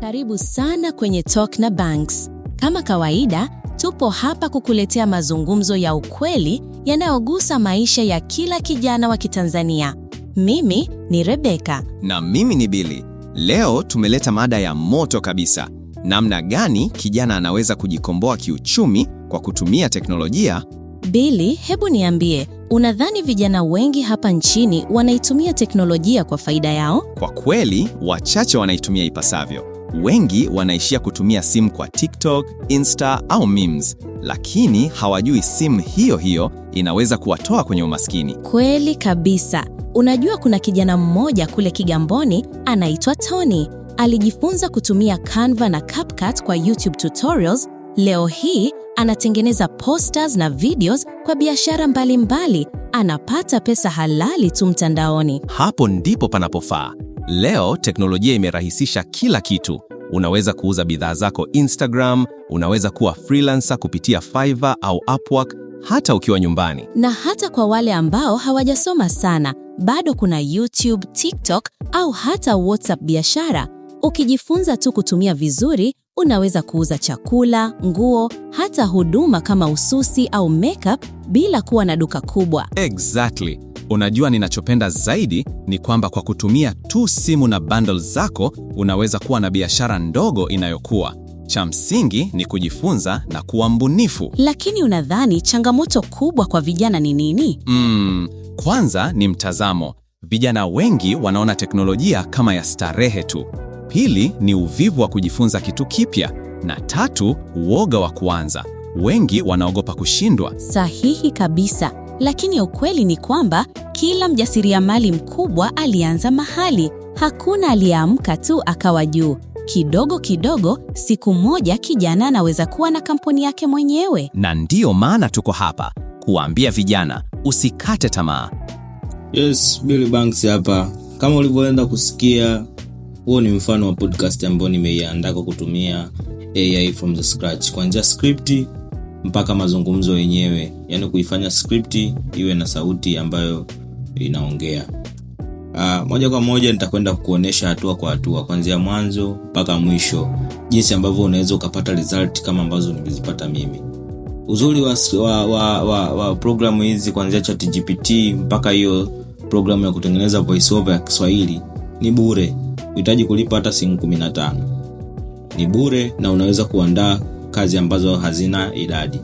Karibu sana kwenye Talk na Banks. Kama kawaida, tupo hapa kukuletea mazungumzo ya ukweli yanayogusa maisha ya kila kijana wa Kitanzania. Mimi ni Rebeka na mimi ni bili Leo tumeleta mada ya moto kabisa. Namna gani kijana anaweza kujikomboa kiuchumi kwa kutumia teknolojia? bili hebu niambie, unadhani vijana wengi hapa nchini wanaitumia teknolojia kwa faida yao? Kwa kweli, wachache wanaitumia ipasavyo. Wengi wanaishia kutumia simu kwa TikTok, Insta au memes, lakini hawajui simu hiyo hiyo inaweza kuwatoa kwenye umaskini. Kweli kabisa. Unajua kuna kijana mmoja kule Kigamboni anaitwa Tony. Alijifunza kutumia Canva na CapCut kwa YouTube tutorials. Leo hii anatengeneza posters na videos kwa biashara mbalimbali. Anapata pesa halali tu mtandaoni. Hapo ndipo panapofaa. Leo teknolojia imerahisisha kila kitu. Unaweza kuuza bidhaa zako Instagram, unaweza kuwa freelancer kupitia Fiverr au Upwork hata ukiwa nyumbani. Na hata kwa wale ambao hawajasoma sana, bado kuna YouTube, TikTok au hata WhatsApp biashara. Ukijifunza tu kutumia vizuri, unaweza kuuza chakula, nguo, hata huduma kama ususi au makeup bila kuwa na duka kubwa. Exactly. Unajua, ninachopenda zaidi ni kwamba kwa kutumia tu simu na bundle zako unaweza kuwa na biashara ndogo inayokuwa. Cha msingi ni kujifunza na kuwa mbunifu. Lakini unadhani changamoto kubwa kwa vijana ni nini? Mm, kwanza ni mtazamo. Vijana wengi wanaona teknolojia kama ya starehe tu. Pili ni uvivu wa kujifunza kitu kipya, na tatu, uoga wa kuanza. Wengi wanaogopa kushindwa. Sahihi kabisa lakini ukweli ni kwamba kila mjasiriamali mkubwa alianza mahali. Hakuna aliyeamka tu akawa juu. Kidogo kidogo, siku moja kijana anaweza kuwa na kampuni yake mwenyewe. Na ndiyo maana tuko hapa kuwaambia vijana usikate tamaa. Yes, Billy Banks hapa. Kama ulivyoenda kusikia, huo ni mfano wa podcast ambayo nimeiandaa kwa kutumia AI from the scratch, script mpaka mazungumzo yenyewe, yani kuifanya skripti iwe na sauti ambayo inaongea. Aa, ah, moja kwa moja nitakwenda kukuonesha hatua kwa hatua kuanzia mwanzo mpaka mwisho, jinsi ambavyo unaweza ukapata result kama ambazo nilizipata mimi. Uzuri wa, wa, wa, wa, wa programu hizi kuanzia ChatGPT mpaka hiyo programu ya kutengeneza voiceover ya Kiswahili ni bure, uhitaji kulipa hata shilingi 15. Ni bure na unaweza kuandaa kazi ambazo hazina idadi.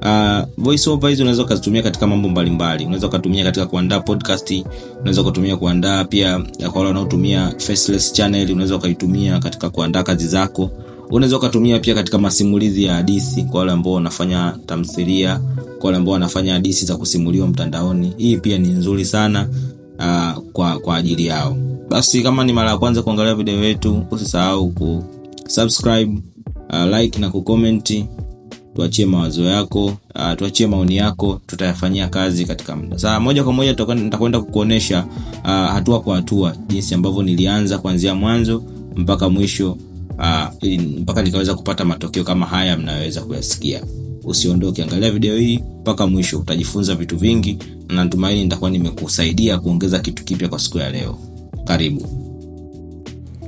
Uh, ah, voice over hizo unaweza ukazitumia katika mambo mbalimbali. Unaweza ukatumia katika kuandaa podcast, unaweza ukatumia kuandaa pia, eh, kwa wale wanaotumia faceless channel, unaweza ukaitumia katika kuandaa kazi zako. Unaweza ukatumia pia katika masimulizi ya hadithi, kwa wale ambao wanafanya tamthilia, kwa wale ambao wanafanya hadithi za kusimuliwa mtandaoni. Hii pia ni nzuri sana uh, kwa, kwa ajili yao. Basi kama ni mara ya kwanza kuangalia video yetu, usisahau kusubscribe uh, like na kucomment, tuachie mawazo yako uh, tuachie maoni yako, tutayafanyia kazi katika muda. Sasa moja kwa moja nitakwenda kukuonesha uh, hatua kwa hatua jinsi ambavyo nilianza kuanzia mwanzo mpaka mwisho uh, mpaka nikaweza kupata matokeo kama haya mnayoweza kuyasikia. Usiondoke, angalia video hii mpaka mwisho, utajifunza vitu vingi na natumaini nitakuwa nimekusaidia kuongeza kitu kipya kwa siku ya leo. Karibu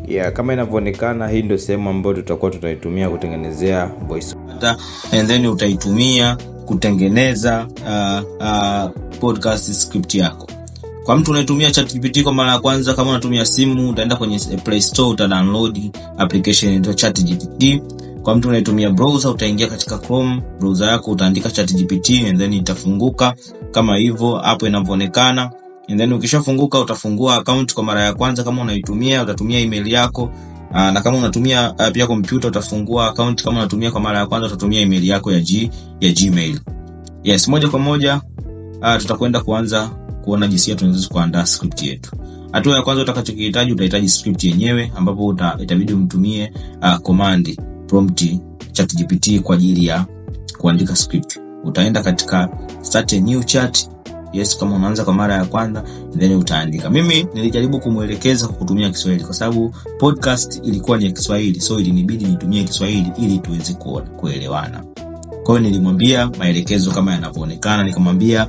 yeah, kama inavyoonekana hii ndio sehemu ambayo tutakuwa tutaitumia kutengenezea voice and then utaitumia kutengeneza uh, uh, podcast script yako. Kwa mtu unayetumia ChatGPT kwa mara ya kwanza, kama unatumia simu utaenda kwenye Play Store uta download application inaitwa ChatGPT. Kwa mtu unayetumia browser utaingia katika Chrome browser yako utaandika ChatGPT and then itafunguka kama hivyo hapo inavyoonekana and then ukishafunguka utafungua account kwa mara ya kwanza. Kama unaitumia utatumia email yako aa, ah, na kama unatumia uh, pia kompyuta utafungua account. Kama unatumia kwa mara ya kwanza utatumia email yako ya, G, ya Gmail. Yes, moja kwa moja uh, tutakwenda kuanza kuona jinsi tunaweza kuandaa script yetu. Hatua ya kwanza utakachokihitaji utahitaji script yenyewe ambapo uta, itabidi umtumie uh, command prompt gpt kwa ajili ya kuandika script. Utaenda katika start a new chat Yes, kama unaanza kwa mara ya kwanza then utaandika. Mimi nilijaribu kumwelekeza kwa kutumia Kiswahili kwa sababu podcast ilikuwa ni ya Kiswahili, so ilinibidi nitumie Kiswahili ili tuweze kuelewana. Kwa hiyo nilimwambia maelekezo kama yanavyoonekana, nikamwambia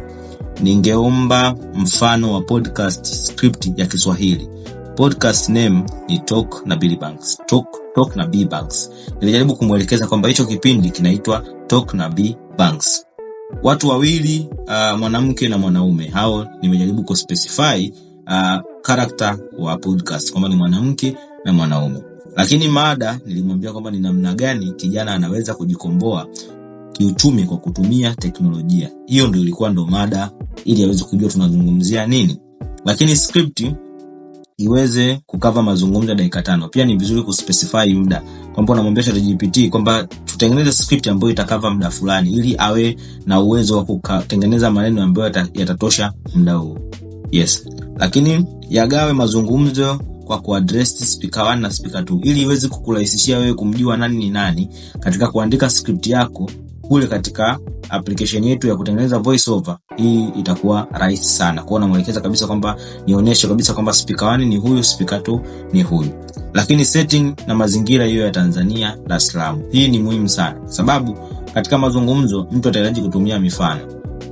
ningeomba mfano wa podcast script ya Kiswahili. Podcast name ni Talk na Billy Banks. Talk, Talk na B Banks. Nilijaribu kumwelekeza kwamba hicho kipindi kinaitwa Talk na B Banks watu wawili uh, mwanamke na mwanaume. Hao nimejaribu kuspecify uh, character wa podcast kwamba ni mwanamke na mwanaume, lakini mada nilimwambia kwamba ni namna gani kijana anaweza kujikomboa kiuchumi kwa kutumia teknolojia. Hiyo ndio ilikuwa ndo mada, ili aweze kujua tunazungumzia nini, lakini script iweze kukava mazungumzo ya dakika tano. Pia ni vizuri kuspecify muda kwamba unamwambia GPT kwamba tutengeneze script ambayo itakava muda fulani, ili awe na uwezo wa kutengeneza maneno ambayo yatatosha muda huo. Yes, lakini yagawe mazungumzo kwa kuaddress speaker 1 na speaker 2 ili iweze kukurahisishia wewe kumjua nani ni nani katika kuandika script yako kule katika application yetu ya kutengeneza voice over, hii itakuwa rahisi sana. Kwa hiyo namwelekeza kabisa kwamba nionyeshe kabisa kwamba speaker wani ni huyu, speaker tu ni huyu. Lakini setting na mazingira hiyo ya Tanzania, la es hii ni muhimu sana, sababu katika mazungumzo mtu atahitaji kutumia mifano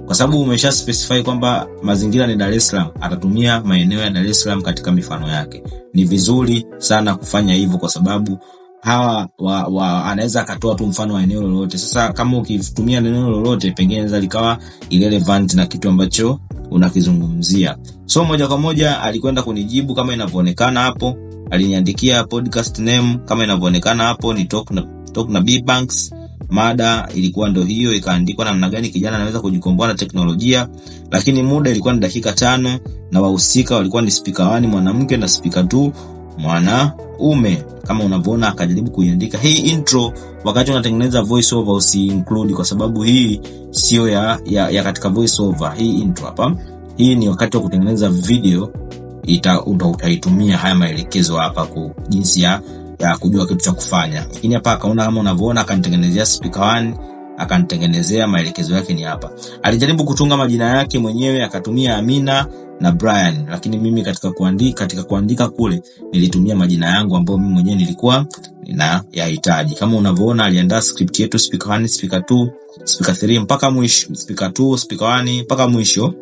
kwa sababu umesha specify kwamba mazingira ni Dar es Salaam, atatumia maeneo ya Dar es Salaam katika mifano yake. Ni vizuri sana kufanya hivyo, kwa sababu hawa wa, wa, anaweza akatoa tu mfano wa eneo lolote. Sasa kama ukitumia neno lolote, pengine inaweza likawa irrelevant na kitu ambacho unakizungumzia. So moja kwa moja alikwenda kunijibu kama inavyoonekana hapo, aliniandikia podcast name kama inavyoonekana hapo ni Talk na, Talk na B Banks. Mada ilikuwa ndo hiyo, ikaandikwa namna gani kijana anaweza kujikomboa na teknolojia, lakini muda ilikuwa ni dakika tano na wahusika walikuwa ni spika wani mwanamke na spika tu mwanaume. Kama unavyoona akajaribu kuiandika hii intro, wakati unatengeneza voice over usi include, kwa sababu hii sio ya, ya, ya katika voice over. Hii intro hapa, hii ni wakati wa kutengeneza video ita, utaitumia haya maelekezo hapa ku jinsi ya, ya kujua kitu cha kufanya. Lakini hapa akaona kama unavyoona akanitengenezea speaker one akanitengenezea maelekezo yake ni hapa. Alijaribu kutunga majina yake mwenyewe akatumia Amina na Brian, lakini mimi katika kuandika, katika kuandika kule nilitumia majina yangu ambayo mimi mwenyewe nilikuwa na yahitaji. Kama unavyoona, aliandaa script yetu speaker 1, speaker 2, speaker 3 mpaka mwisho, speaker 2, speaker 1 mpaka mwisho.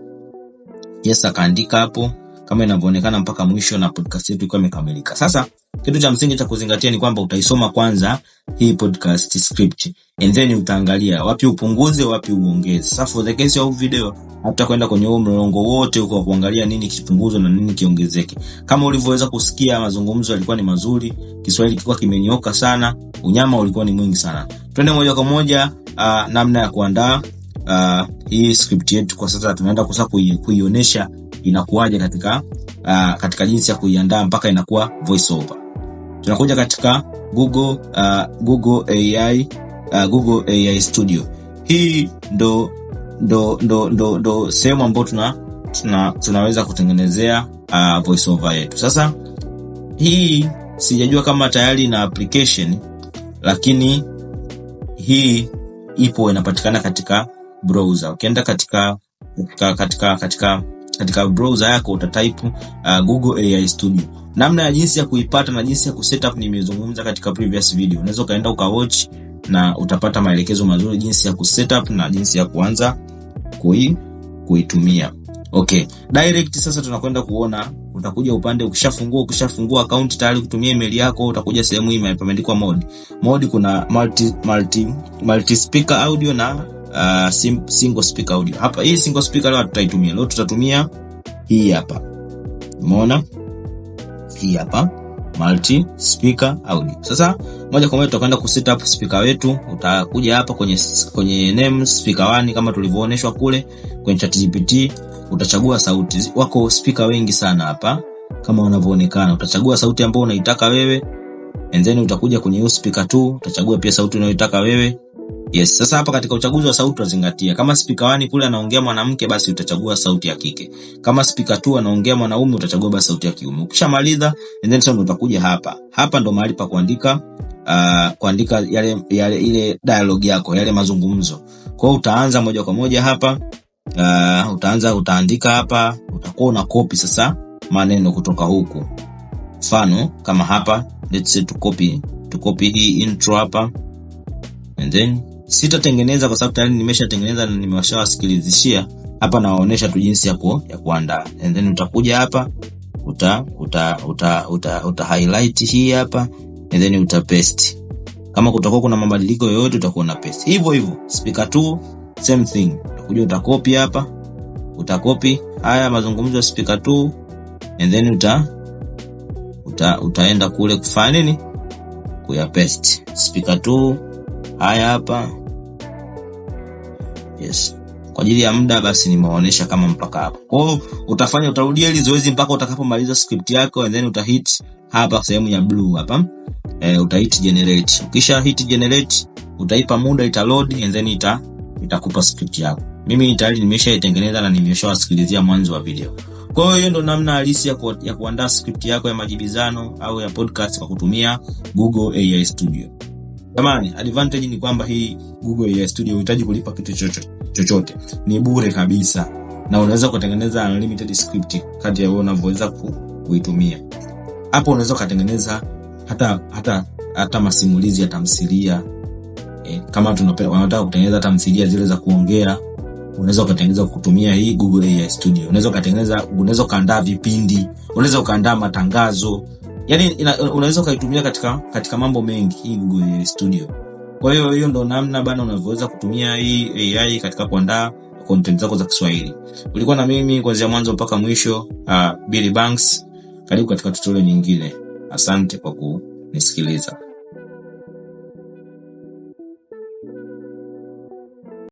Yes, akaandika hapo kama inavyoonekana mpaka mwisho, na podcast yetu ikiwa imekamilika. Sasa kitu cha msingi cha kuzingatia ni kwamba utaisoma kwanza hii podcast script and then utaangalia wapi upunguze, wapi uongeze. Sasa for the case of video, hatutakwenda kwenye huo mlolongo wote huko kuangalia nini kipunguzwe na nini kiongezeke. Kama ulivyoweza kusikia, mazungumzo yalikuwa ni mazuri, Kiswahili kilikuwa kimenyoka sana, unyama ulikuwa ni mwingi sana. Twende moja kwa moja uh, namna ya kuandaa uh, hii script yetu kwa sasa tunaenda kusa kuionyesha kui inakuwaje katika, uh, katika jinsi ya kuiandaa mpaka inakuwa voiceover. Tunakuja katika Google, uh, Google AI, uh, Google AI Studio. Hii ndo, ndo, ndo, ndo, ndo sehemu ambayo tuna, tuna, tunaweza kutengenezea uh, voiceover yetu. Sasa hii sijajua kama tayari na application lakini hii ipo inapatikana katika browser. Ukienda katika katika katika katika browser yako utatype uh, Google AI Studio. Namna ya jinsi ya kuipata na jinsi ya kusetup nimezungumza katika previous video, unaweza ukaenda ukawatch na utapata maelekezo mazuri jinsi ya kusetup na jinsi ya kuanza kui, kuitumia. Okay, direct sasa tunakwenda kuona, utakuja upande ukishafungua ukishafungua account tayari kutumia email yako, utakuja sehemu hii imeandikwa mode. Mode kuna multi multi multi speaker audio na uh, sim, single speaker audio. Hapa hii single speaker leo tutaitumia. Leo tutatumia hii hapa. Umeona? Hii hapa multi speaker audio. Sasa moja kwa moja tutakwenda ku set up speaker wetu. Utakuja hapa kwenye kwenye name speaker 1 kama tulivyoonyeshwa kule kwenye chat GPT. utachagua sauti. Wako speaker wengi sana hapa kama unavyoonekana. Utachagua sauti ambayo unaitaka wewe. And then utakuja kwenye speaker 2, utachagua pia sauti unayoitaka wewe. Yes, sasa hapa katika uchaguzi wa sauti tunazingatia, kama spika wani kule anaongea mwanamke, basi utachagua sauti ya kike. Kama spika tu anaongea mwanaume, utachagua basi sauti ya kiume. Ukishamaliza and then sasa utakuja hapa. Hapa ndo mahali pa kuandika uh, kuandika yale yale ile dialogue yako, yale mazungumzo. Kwa hiyo utaanza moja kwa moja hapa. Uh, utaanza utaandika hapa, utakuwa una copy sasa maneno kutoka huku. Mfano kama hapa, let's say tu copy tu copy hii intro hapa and then sitatengeneza kwa sababu tayari nimeshatengeneza na nimeshawasikilizishia hapa, nawaonesha tu jinsi ya, ku, ya kuandaa and then utakuja hapa uta, uta, uta, uta, uta highlight hii hapa and then uta paste. Kama kutakuwa kuna mabadiliko yoyote utakuwa na paste hivyo hivyo. Speaker 2 same thing, utakuja utakopi hapa, utakopi haya mazungumzo ya speaker 2 and then uta, uta utaenda kule kufanya nini kuya paste speaker 2 haya hapa yes. Kwa ajili ya muda basi nimewaonyesha kama mpaka hapo. Kwa hiyo utafanya utarudia hili zoezi mpaka utakapomaliza script yako and then utahit hapa sehemu ya blue hapa. E, utahit generate. Ukisha hit generate utaipa muda ita load and then ita itakupa script yako. Mimi tayari nimeshaitengeneza na nimeshawasikilizia mwanzo wa video. Kwa hiyo hiyo ndo namna halisi ya, ku, ya kuandaa script yako ya majibizano au ya podcast kwa kutumia Google AI Studio. Jamani, advantage ni kwamba hii Google AI Studio unahitaji kulipa kitu chochote chochote, ni bure kabisa, na unaweza kutengeneza unlimited script kati ya wewe unavyoweza kuitumia. Hapo unaweza kutengeneza hata hata hata masimulizi ya tamthilia e, kama tunapenda wanataka kutengeneza tamthilia zile za kuongea, unaweza kutengeneza kutumia hii Google AI Studio. Unaweza kutengeneza, unaweza kaandaa vipindi, unaweza kaandaa matangazo yani ina, unaweza ukaitumia katika, katika mambo mengi hii Google Studio. Kwa hiyo hiyo ndo namna bana unavyoweza kutumia hii AI katika kuandaa content zako za Kiswahili. Ulikuwa na mimi kuanzia mwanzo mpaka mwisho, uh, Billy Banks. Karibu katika tutorial nyingine. Asante kwa kunisikiliza.